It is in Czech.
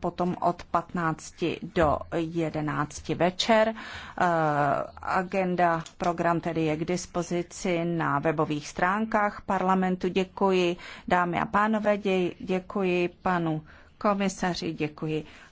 potom od 15 do 11 večer. Eh, agenda, program tedy je k dispozici na webových stránkách parlamentu. Děkuji dámy a pánové, děkuji panu komisaři, děkuji